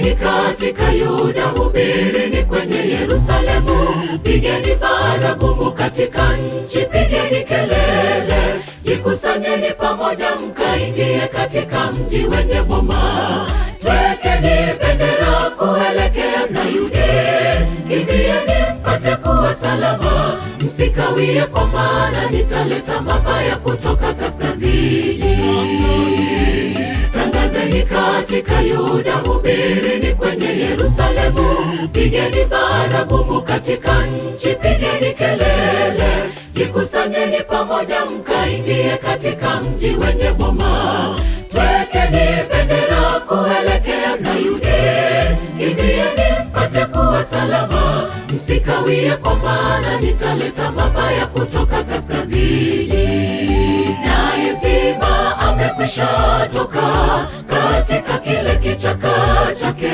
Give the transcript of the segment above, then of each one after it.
Pigeni katika Yuda, hubirini kwenye Yerusalemu, pigeni baragumu katika nchi, pigeni kelele, jikusanyeni pamoja, mkaingie katika mji wenye boma. Twekeni bendera kuelekea Sayuni, kimbieni mpate kuwa salama, msikawie, kwa maana nitaleta mabaya kutoka kaskazini. Anzeni katika Yuda, hubirini kwenye Yerusalemu, pigeni baragumu katika nchi, pigeni kelele, jikusanyeni pamoja, mkaingie katika mji wenye boma, twekeni bendera kuelekea Sayuni, kimbieni mpate kuwa salama, msikawie, kwa maana nitaleta mabaya kutoka kaskazini toka katika kile kichaka chake,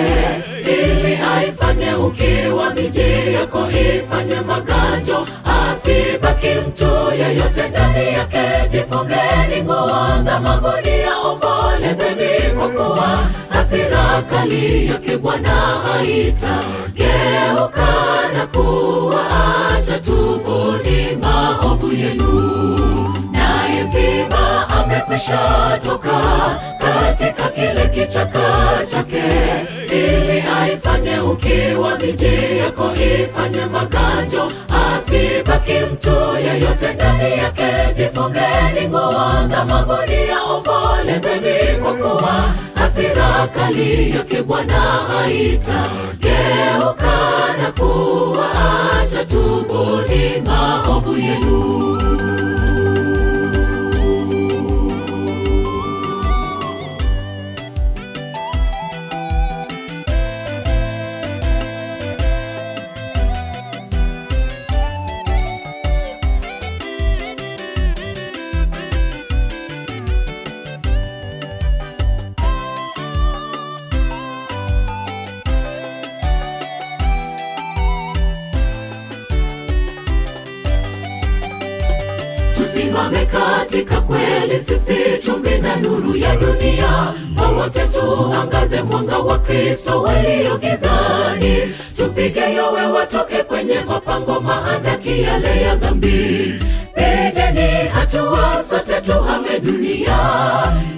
ili aifanye ukiwa miji yako ifanye maganjo, asibaki mtu yeyote ndani yake. Jifungeni nguo za magunia, ombolezeni kwa kuwa hasira kali yake Bwana haitageuka na kuwaacha. Tubuni maovu yenu, amekwisha toka katika kile kichaka chake, ili aifanye ukiwa miji yako ifanye maganjo, asibaki mtu yeyote ndani yake. Jifungeni nguo za magunia, ombolezeni kwa kuwa hasira kali yake Bwana haitageuka. tusimame katika kweli, sisi chumvi na nuru ya dunia, kwa wote tuangaze mwanga wa Kristo walio gizani, tupige yowe watoke kwenye mapango mahandaki yale ya dhambi. Pigeni hatua sote, tuhame dunia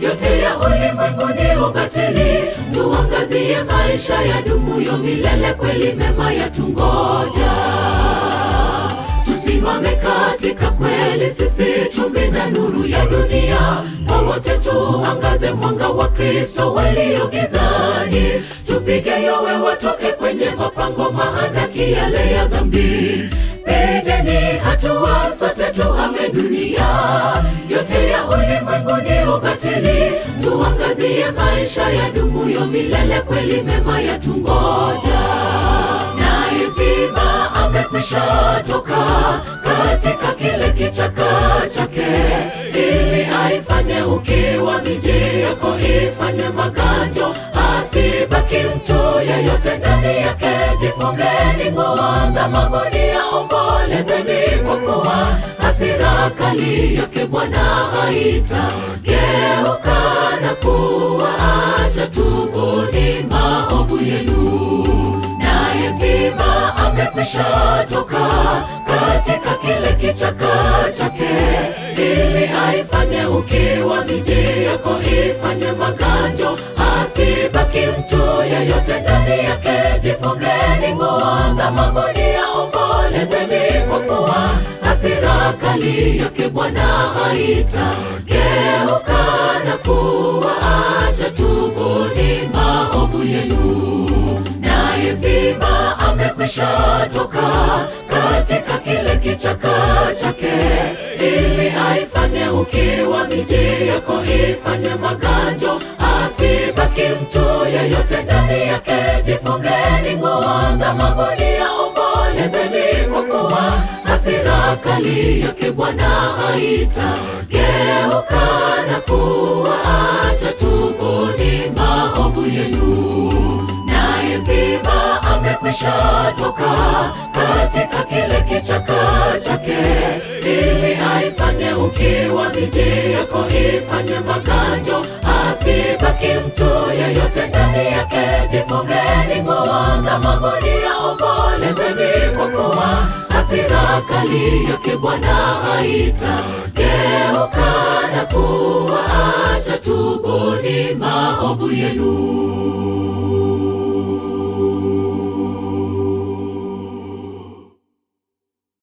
yote ya ulimwengu ni ubatili, tuangazie maisha ya dumuyo milele, kweli mema yatungoja wengi ka kweli, sisi chumvi na nuru ya dunia. Kwa tuangaze mwanga wa Kristo, walio gizani tupige yowe, watoke kwenye mapango mahandaki yale ya dhambi. Pigeni hatua, sote tuhame dunia yote ya ni ubatili, tuangazie maisha ya dumuyo milele, kweli mema yatungoja mzima amekwisha toka katika kile kichaka chake, ili aifanye ukiwa miji yako ifanye maganjo, asibaki mtu yeyote ndani yake. Jifungeni ngoa za magunia, ombolezeni kwa kuwa hasira kali yake Bwana haitageuka na acha, Tubuni maovu yenu toka katika kile kichaka chake, ili aifanye ukiwa miji yako ifanye maganjo, asibaki mtu yeyote ndani yake. Jifungeni nguo za magunia, ombolezeni kwa kuwa hasira kali yake Bwana haitageuka na acha, Tubuni maovu yenu, naye amekwisha toka katika kile kichaka chake, ili aifanye ukiwa miji yako ifanye maganjo, asibaki mtu yeyote ndani yake. Jifungeni nguo za magunia, ombolezeni kwa kuwa hasira kali yake Bwana aita. Geuka na kuwaacha, tubuni maovu yenu. Mzima amekwisha toka katika kile kichaka chake, ili aifanye ukiwa miji yako ifanye maganjo, asibaki mtu yeyote ndani yake. Jifungeni nguo za magunia, ombolezeni kwa kuwa hasira kali yake Bwana aita. Geuka na acha tubuni maovu yenu.